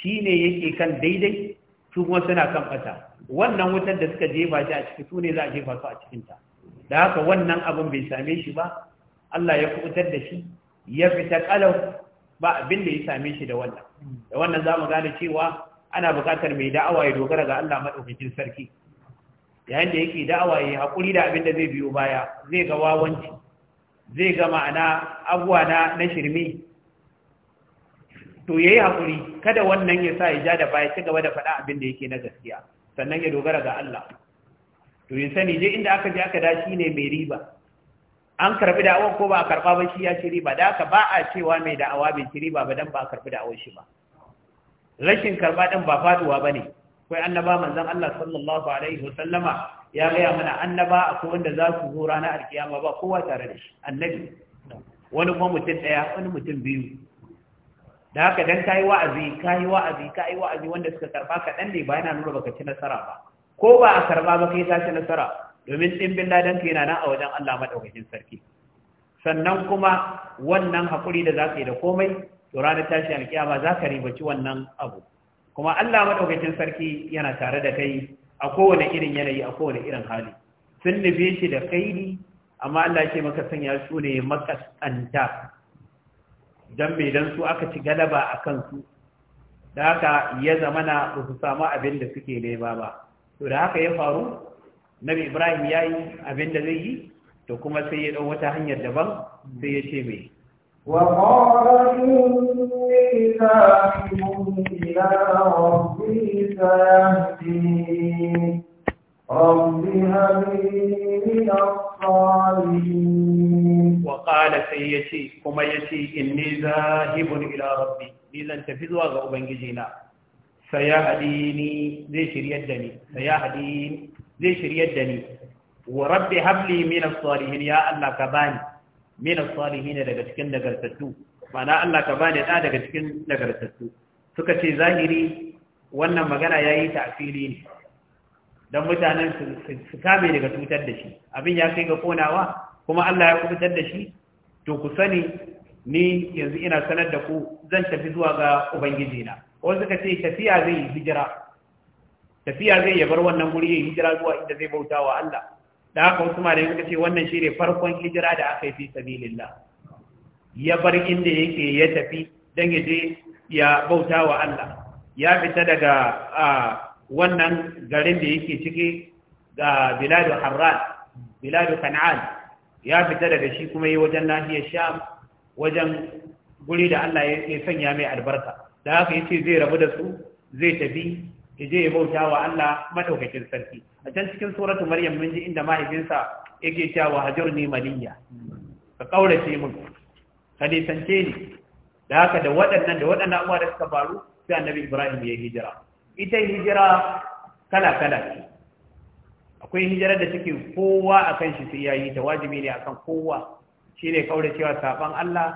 S2: shi ne yake kan daidai su kuma suna kan fata wannan wutar da suka jefa shi a ciki su ne za a jefa su a cikin ta. da haka wannan abin bai same shi ba Allah ya kubutar da shi ya fita kalau ba abin da ya same shi da wannan da wannan za mu gane cewa ana bukatar mai da'awa ya dogara ga Allah madaukakin sarki yayin da yake da'awa ya hakuri da abin da zai biyo baya zai ga wawanci zai ga ma'ana abuwa na na shirme to yayi hakuri kada wannan ya sa ya ja da baya ci gaba da faɗa abin da yake na gaskiya sannan ya dogara ga Allah to yin sani je inda aka je aka da shi ne mai riba an karbi da'awar ko ba a karba ba shi ya ci riba da aka ba a cewa mai da'awa bai ci riba ba dan ba a karbi da'awar shi ba rashin karba din ba faduwa bane kai annaba manzan Allah sallallahu alaihi wasallama ya gaya mana annaba akwai wanda za su zo ranar alkiyama ba kowa tare da shi annabi wani kuma mutum daya wani mutum biyu da haka dan kayi wa'azi kayi wa'azi kayi wa'azi wanda suka karba kaɗan ne ba yana nuna baka ci nasara ba ko ba a karba ba kai ta ci nasara domin ɗimbin ladan ka yana nan a wajen Allah madaukakin sarki sannan kuma wannan hakuri da za ka yi da komai to ranar tashi alkiyama za ka ribaci wannan abu kuma Allah madaukakin sarki yana tare da kai a kowane irin yanayi a kowane irin hali sun nufe shi da kaidi amma Allah ce maka sanya su ne makasanta don mai don su aka ci galaba a kansu da haka ya zamana ba su samu abin da suke nema ba to da haka ya faru nabi ibrahim ya yi abin da zai yi to kuma sai ya ɗau wata hanyar daban sai ya ce mai
S1: وقال إني ذاهب إلى ربي سيهدين رب هب لي من الصالحين
S2: وقال سيتي كما إني ذاهب إلى ربي إذا تفزوا غوبنجينا سيهديني زي شريدني سيهديني زي شريدني وربي هب لي من الصالحين يا الله كباني min as-salihin daga cikin nagartattu mana Allah ka bani da daga cikin nagartattu suka ce zahiri wannan magana yayi ta'fili ne dan mutanen su kame daga cutar da shi abin ya kai ga konawa kuma Allah ya kubutar da shi to ku sani ni yanzu ina sanar da ku zan tafi zuwa ga ubangiji na wasu suka ce tafiya zai hijira tafiya zai ya bar wannan guri ya hijira zuwa inda zai bauta wa Allah da aka wasu malamai suka ce wannan shi ne farkon hijira da aka yi fi sabilillah ya bar inda yake ya tafi don ya je ya bauta wa Allah ya fita daga wannan garin da yake ciki ga biladu harran biladu kan'an ya fita daga shi kuma yi wajen nahiyar sham wajen guri da Allah ya sanya mai albarka da aka yi ce zai rabu da su zai tafi ya je ya bauta wa Allah madaukakin sarki a can cikin suratu maryam mun ji inda mahaifinsa yake cewa ni maliya ka kaurace min ka nisance ni da haka da waɗannan da waɗannan abubuwa da suka faru sai annabi ibrahim ya hijira ita hijira kala kala akwai hijirar da take kowa akan shi sai yayi ta wajibi ne akan kowa shine kauracewa saban Allah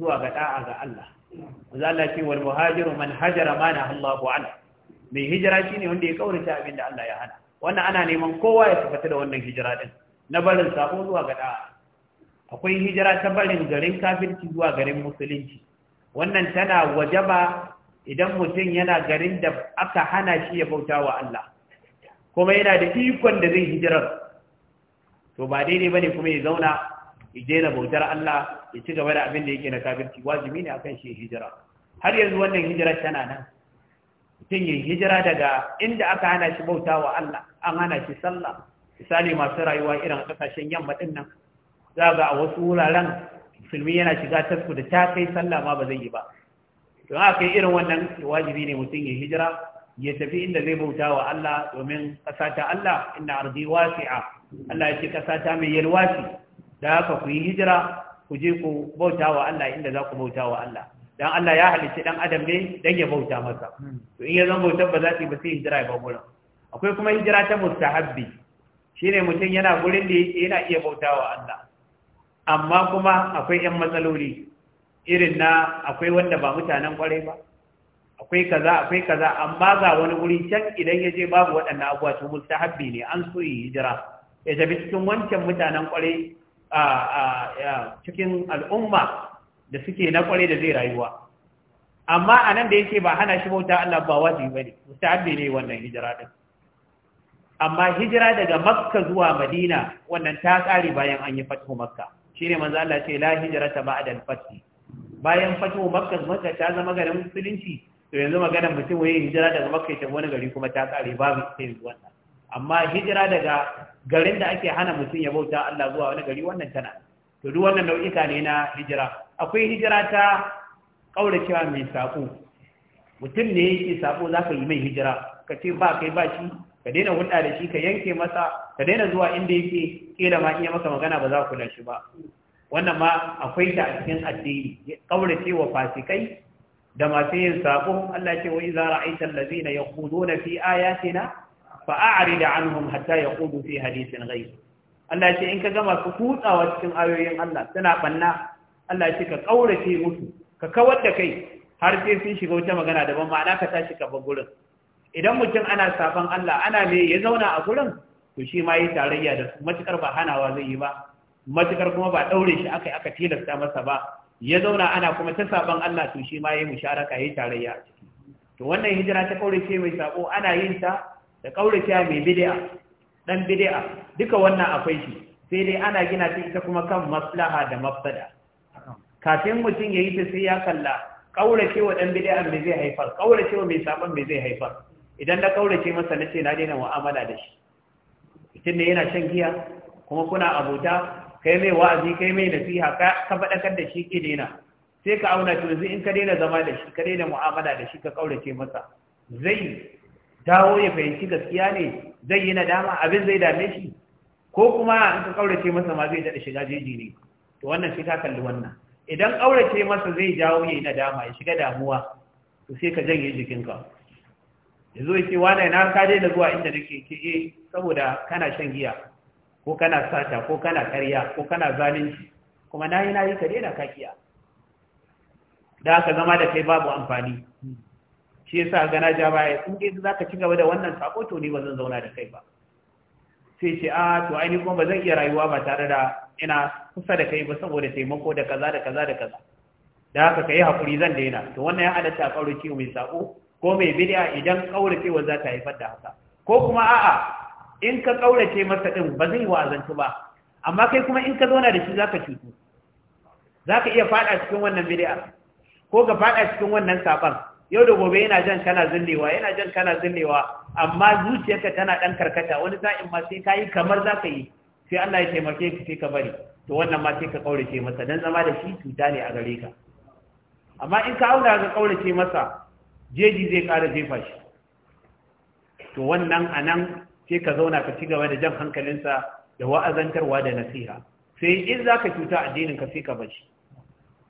S2: zuwa ga da'a ga Allah Allah ce wal muhajiru man hajara ma na Allahu anhu mai hijira shi ne wanda ya kaurace abin da Allah ya hana wannan ana neman kowa ya tafi da wannan hijira din na barin sabo zuwa ga da'a akwai hijira ta barin garin kafirci zuwa garin musulunci wannan tana ba idan mutum yana garin da aka hana shi ya bauta wa Allah kuma yana da ikon da zai hijirar to ba daidai bane kuma ya zauna ya daina bautar Allah ya ci gaba da abin da yake na kafirci wajibi ne akan shi hijira har yanzu wannan hijira tana nan mutum ya hijira daga inda aka hana shi bauta wa Allah an hana shi sallah misali masu rayuwa irin kasashen yamma din nan za ga a wasu wuraren musulmi yana shiga tasku da ta kai sallah ma ba zai yi ba don yi irin wannan wajibi ne mutum ya hijira ya tafi inda zai bauta wa Allah domin ƙasa ta Allah inda ardi wasi'a Allah ya ce ƙasa ta mai yalwaci da haka ku yi hijira ku je ku bauta wa Allah inda za ku bauta wa Allah dan Allah ya halice dan adam ne dan ya bauta masa hmm. to in ya zama bautar ba za ta yi ba sai hijira ya ba akwai kuma hijira ta mustahabbi shine mutum yana gurin da yana iya bautawa Allah amma kuma akwai yan matsaloli irin na akwai wanda ba mutanen kwarai ba akwai kaza akwai kaza amma ga wani guri can idan ya je babu waɗannan abuwa to mustahabbi ne an so yi hijira ya tafi cikin wancan mutanen kwarai a cikin al'umma da suke na kware da zai rayuwa amma a nan da yake ba hana shi bauta Allah ba wajibi bane musta'abi ne wannan hijira din amma hijira daga makka zuwa madina wannan ta tsari bayan an yi fatihu makka shine manzo Allah ce la hijrata ba'da al-fath bayan fatihu makka makka ta zama garin musulunci to yanzu maganar mutum waye hijira daga makka ya tafi wani gari kuma ta tsari babu sai yanzu wannan amma hijira daga garin da ake hana mutum ya bauta Allah zuwa wani gari wannan tana to duk wannan nau'ika ne na hijira akwai hijira ta ƙauracewa mai saƙo mutum ne yake saƙo za ka yi mai hijira ka ce ba kai ba shi ka daina hulɗa da shi ka yanke masa ka daina zuwa inda yake ƙera ma iya maka magana ba za ku da shi ba wannan ma akwai ta a cikin addini ƙauracewa fasikai da masu yin saƙo Allah ce wa na ya kudo na fi Aya ce na fa'a'ari da anhum hatta ya kudo fi hadisin rai. Allah ce in ka gama su kutsawa cikin ayoyin Allah suna ɓanna Allah ya ce ka kaurace musu ka kawar da kai har sai sun shiga wata magana daban ma'ana ka tashi ka bar gurin idan mutum ana saban Allah ana me ya zauna a gurin to shi ma yi tarayya da su matukar ba hanawa zai yi ba matukar kuma ba daure shi aka aka tilasta masa ba ya zauna ana kuma ta saban Allah to shi ma yi musharaka yi tarayya a ciki to wannan hijira ta kaurace mai sako ana yin ta da kaurace mai bid'a dan bid'a duka wannan akwai shi sai dai ana gina ta ita kuma kan maslaha da mafsada kafin mutum ya yi ta sai ya kalla kaurace wa dan bid'a me zai haifar kaurace wa mai saman mai zai haifar idan na kaurace masa na ce na daina mu'amala da shi mutum ne yana shan giya kuma kuna abota kai mai wa'azi kai mai nasiha ka faɗakar da shi ke daina sai ka auna to yanzu in ka daina zama da shi ka daina mu'amala da shi ka kaurace masa zai dawo ya fahimci gaskiya ne zai yi nadama abin zai dame shi ko kuma in ka kaurace masa ma zai daɗa shiga jeji ne to wannan sai ka kalli wannan idan aurace masa zai jawo na dama ya shiga damuwa to sai ka janye jikinka ya zo yake wane na ka daina zuwa inda nake ke eh saboda kana shan giya ko kana sata ko kana karya ko kana zalunci kuma nayi nayi ka daina kakiya da aka zama da kai babu amfani shi yasa gana ja baya in dai ka ci gaba da wannan sako to ni ba zan zauna da kai ba sai ce a ah, to ainihin kuma ba zan iya rayuwa ba tare da ina kusa da kai ba saboda taimako da kaza da kaza da kaza da haka kai hakuri zan daina to wannan ya halatta a kaurace mai sako ko mai bid'a idan kauracewa za ta haifar da haka ko kuma a'a in ka kaurace masa din ba zai wazantu ba amma kai kuma in ka zauna da shi zaka cutu zaka iya fada cikin wannan bid'a ko ga fada cikin wannan saban yau da gobe yana jan kana zullewa yana jan kana zullewa amma zuciyarka tana dan karkata wani sa'in ma sai kai kamar zaka yi sai Allah ya taimake ka sai ka bari to wannan ma sai ka kaurace masa dan zama da shi cuta ne a gare ka amma in ka auna ka kaurace masa jeji zai ƙara jefa shi to wannan anan sai ka zauna ka ci gaba da jan hankalinsa da wa'azantarwa da nasiha sai in za ka cuta addinin ka sai ka bashi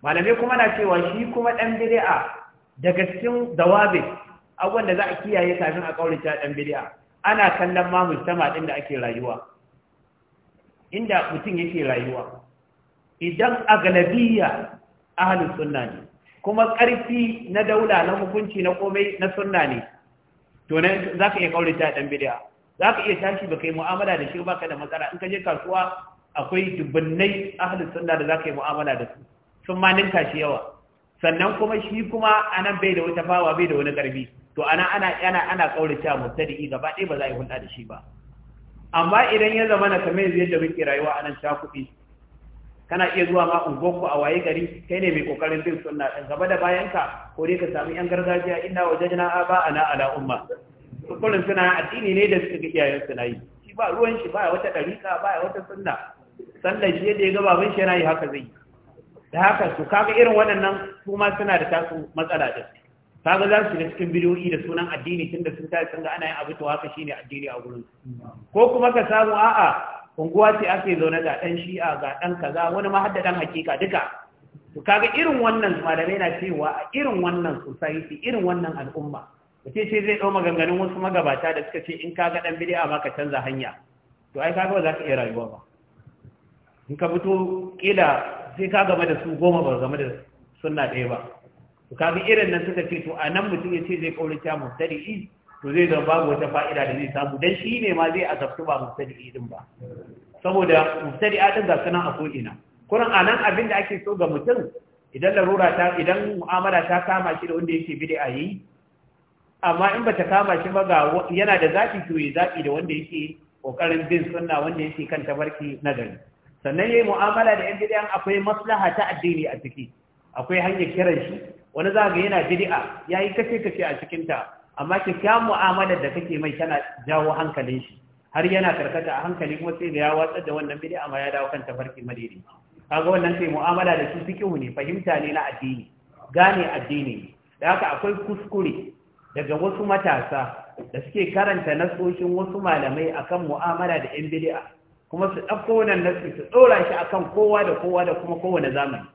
S2: malamai kuma na cewa shi kuma Ɗanbiri'a, bid'a daga cikin dawabe abin da za a kiyaye kafin a kaurace ɗan bid'a ana kallon ma mujtama ɗin da ake rayuwa inda mutum yake rayuwa idan agalabiya galabiya ahalin sunna ne kuma ƙarfi na daula na hukunci na komai na sunna ne to nan za ka iya kaurita ɗan bidiya za ka iya tashi ba kai mu'amala da shi ba ka da matsala in ka je kasuwa akwai dubbannai ahalin sunna da za ka yi mu'amala da su sun ma ninka shi yawa sannan kuma shi kuma anan bai da wata fawa bai da wani ƙarfi to ana ana ana ana kaurita mutadi gaba ɗaya ba za a yi hulɗa da shi ba amma idan ya zama na kamar yadda muke rayuwa a nan cakuɗi kana iya zuwa ma unguwarku a waye gari kai ne mai kokarin bin sunna ɗin gaba da bayan ka ko dai ka sami yan gargajiya inna wajajna ba ana ala umma kullun suna addini ne da suka ga iyayen su yi. shi ba ruwan shi ba ya wata dariƙa ba ya wata sunna Sannan shi da ya ga baban shi yana yi haka zai yi. da haka su kaga irin waɗannan su ma suna da tasu matsala da su. kaga za su shiga cikin bidiyoyi da sunan addini tunda sun tashi sun ga ana yin abu to haka shine addini a gurin ko kuma ka samu a'a unguwa ce ake zaune ga dan shi'a ga dan kaza wani ma hadda dan hakika duka to kaga irin wannan malamai na cewa a irin wannan society irin wannan al'umma mutum ce zai dau maganganun wasu magabata da suka ce in kaga dan bid'a ma ka canza hanya to ai kaga ba za ka iya rayuwa ba in ka fito kila sai ka game da su goma ba game da sunna ɗaya ba to kaga irin nan suka ce to a nan mutum ya ce zai kaurace mubtadi'i to zai zama babu wata fa'ida da zai samu dan shi ne ma zai azabtu ba mubtadi'i din ba saboda mubtadi'a din ga sanan a ko ina kuran anan abin da ake so ga mutum idan larura ta idan mu'amala ta kama shi da wanda yake bid'a yi amma in bata kama shi ba ga yana da zafi to yi zafi da wanda yake kokarin bin sunna wanda yake kan tabarki na gari sannan yayi mu'amala da yan bid'an akwai maslaha ta addini a ciki akwai hanyar kiran shi wani za ga yana bid'a yayi kace kace a cikin ta amma kyakkyawan mu'amalar da kake mai tana jawo hankalin shi har yana karkata a hankali kuma sai da ya watsar da wannan bid'a ma ya dawo kan tafarki madidi kaga wannan sai mu'amala da shi hu ne fahimta ne na addini gane addini da haka akwai kuskure daga wasu matasa da suke karanta nasoshin wasu malamai akan mu'amala da yan bid'a kuma su ɗauko wannan nasu su ɗora shi akan kowa da kowa da kuma kowane zamani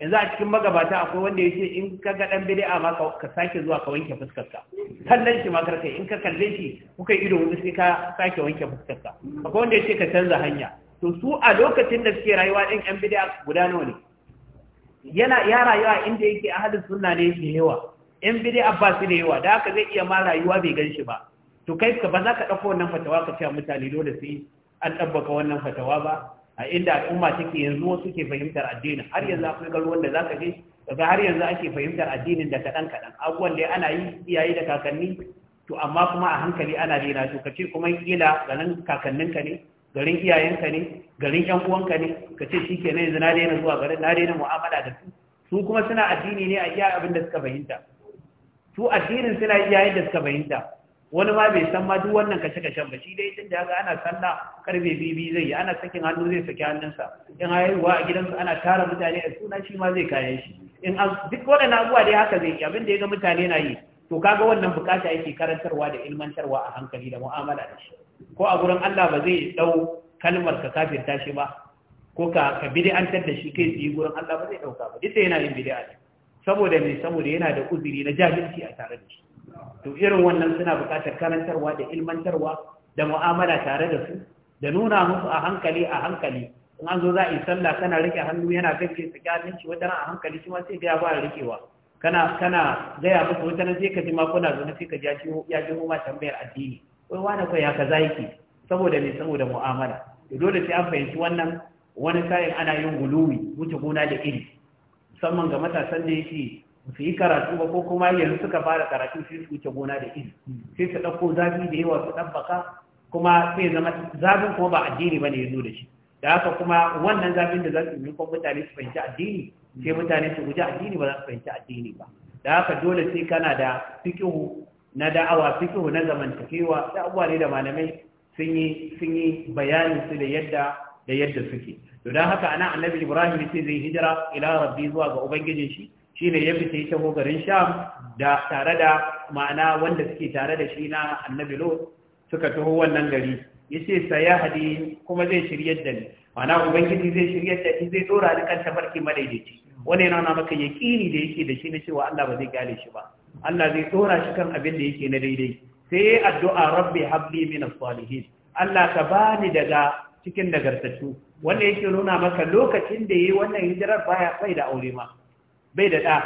S2: yanzu a cikin magabata akwai wanda ya ce in ka ga ɗan bid'a ma ka sake zuwa ka wanke fuskarka kallon shi ma kai, in ka kalle shi kuka ido wani sai ka sake wanke fuskarka akwai wanda ya ce ka canza hanya to su a lokacin da suke rayuwa ɗin ƴan bid'a guda nawa ne yana ya rayuwa inda yake ahadin sunna ne yake yawa ƴan bid'a ba su da yawa da haka zai iya ma rayuwa bai gan shi ba to kai ka ba za ka ɗauko wannan fatawa ka ce mutane dole sai an ɗabbaka wannan fatawa ba a inda al'umma take yanzu wasu ke fahimtar addini, har yanzu akwai garuwan da ka je daga har yanzu ake fahimtar addinin da kaɗan kaɗan abubuwan da ana yi iyaye da kakanni to amma kuma a hankali ana daina, to ka ce kuma kila garin kakanninka ne garin iyayenka ne garin ƴan uwanka ne shi kenan yanzu na daina zuwa garin na daina mu'amala da su su kuma suna addini ne a iya abin da suka fahimta su addinin suna iyayen da suka fahimta wani ma bai san ma duk wannan kashe kashen ba shi dai tun da ga ana sallah karfe bibi zai yi ana sakin hannu zai saki hannunsa in haihuwa a gidansa ana tara mutane a suna shi ma zai kayan shi in duk waɗannan abubuwa dai haka zai yi abin da ya ga mutane na yi to kaga wannan bukata yake karantarwa da ilmantarwa a hankali da mu'amala da shi ko a gurin Allah ba zai dau kalmar ka kafirta shi ba ko ka ka bid'antar da shi kai tsiyi gurin Allah ba zai dauka ba duk yana yin bid'a saboda me saboda yana da uzuri na jahilci a tare da shi to irin wannan suna buƙatar karantarwa da ilmantarwa da mu'amala tare da su da nuna musu a hankali a hankali in an zo za a yi sallah kana rike hannu yana gaske tsakanin shi wata a hankali shi ma sai ga ya rikewa kana kana gaya musu wata nan sai ka ji ma kuna zo na sai ka ji ya ji ma tambayar addini wai wani kai ya za yake saboda ne saboda mu'amala to dole sai an fahimci wannan wani kayan ana yin guluwi wuce gona da iri musamman ga matasan da yake su yi karatu ba ko kuma yanzu suka fara karatu sai su wuce gona da iri sai su ɗauko zafi da yawa su ɗabbaka kuma sai zama zafin kuma ba addini ba ne ya zo da shi da haka kuma wannan zafin da za su yi kuma mutane su fahimci addini sai mutane su guji addini ba za su fahimci addini ba da haka dole sai kana da fikihu na da'awa fikihu na zamantakewa da abubuwa ne da malamai sun yi sun yi bayanin su da yadda da yadda suke to dan haka ana annabi Ibrahim sai zai hijira ila rabbi zuwa ga ubangijin shi Shi ne ya fita ya taho garin sham da tare da ma'ana wanda suke tare da shi na annabi lot suka taho wannan gari yace saya hadi kuma zai shiryar da ni ma'ana ubangiji zai shiryar da ni zai dora ni kan tafarki madaidaici wannan yana maka yaqini da yake da shi na cewa Allah ba zai kyale shi ba Allah zai dora shi kan abin da yake na daidai sai addu'a rabbi habli min as-salihin Allah ka bani daga cikin nagartattu wanda yake nuna maka lokacin da yayi wannan hijirar baya bai da aure ma bai da ɗa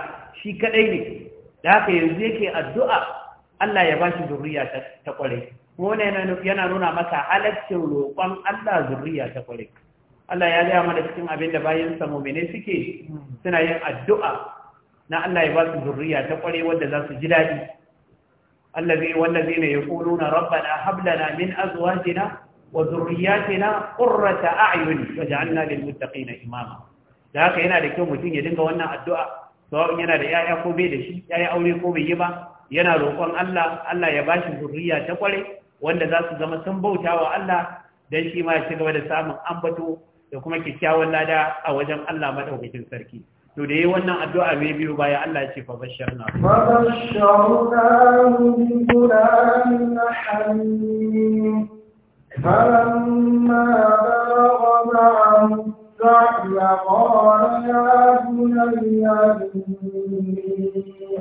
S2: shi kaɗai ne da haka yanzu yake addu'a Allah ya ba shi zurriya ta ƙwarai wani yana nuna masa halaccin roƙon Allah zurriya ta ƙwarai Allah ya gaya mana cikin abin da bayan samomine suke suna yin addu'a na Allah ya ba su zurriya ta ƙwarai wadda za su ji daɗi allazi wallazi ne ya kuluna rabbana hablana min azwajina wa zurriyatina qurrata a'yun waj'alna lil muttaqina imama da haka yana da kyau mutum ya dinga wannan addu'a sawa'un yana da yaya ko bai da shi yaya aure ko bai yi ba yana roƙon Allah Allah ya bashi zurriya ta kware wanda za su zama sun bauta wa Allah dan shi ma ya ci gaba da samun ambato da kuma kyakkyawan lada a wajen Allah madaukakin sarki to da yi wannan addu'a mai biyu baya Allah ya ce fa bashar na
S1: فلما بلغ معه السعي قال يا بني إني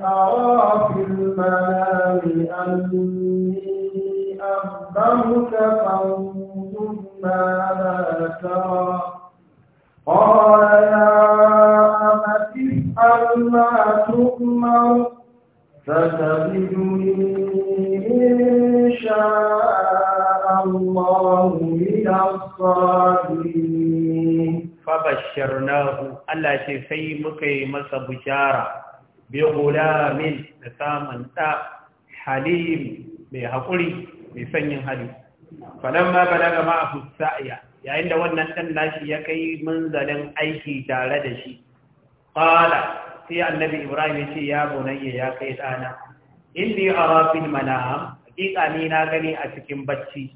S1: أرى في المنام أني أذبحك فانظر ماذا ترى قال يا أبت افعل ما تؤمر ستجدني إن شاء الله من الصابرين
S2: fabasharnahu Allah ce sai muka yi masa bishara bi gulamin da samun da halim mai haƙuri mai sanyin hali falamma balaga ma'ahu sa'iya yayin da wannan ɗan nashi ya kai munzalin aiki tare da shi qala sai annabi ibrahim ya ce ya bunayya ya kai dana inni ara fil manam hakika ni na gani a cikin bacci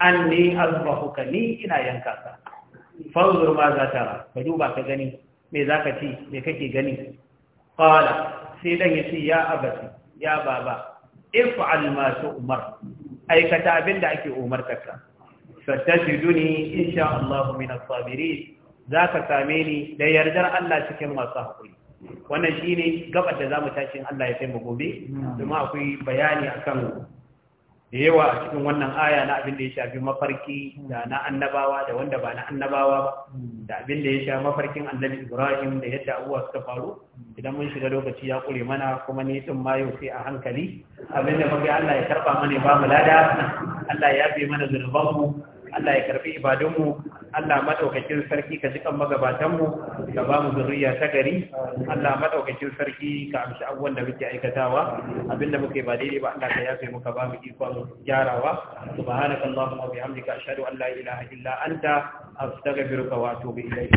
S2: anni azbahuka ni ina yanka ka fanzur ma za ta ka duba ka gani me za ka ci me kake gani qala sai dan ya ce ya abati ya baba if'al ma umar. aikata abin da ake umartarka fatajiduni insha Allah min as za ka same ni da yardar Allah cikin masu hakuri wannan shine gabar da zamu tashi Allah ya taimaka gobe kuma akwai bayani akan da yawa a cikin wannan aya na abin da ya shafi mafarki da na annabawa da wanda ba na annabawa ba da abin da ya shafi mafarkin annabi ibrahim da yadda abuwa suka faru idan mun shiga lokaci ya kure mana kuma ne din ma sai a hankali abin da muka Allah ya karba mana ba mu lada Allah ya bi mana zunubanmu Allah ya karbi ibadunmu Allah madaukakin sarki ka jikan magabatanmu ka ba mu zuriya ta gari Allah madaukakin sarki ka amshi abubuwan da muke aikatawa abinda muke ba daidai ba Allah ka yafe muka ka ba mu ikon gyarawa subhanakallahumma wa bihamdika ashhadu an la ilaha illa anta astaghfiruka wa atubu ilayk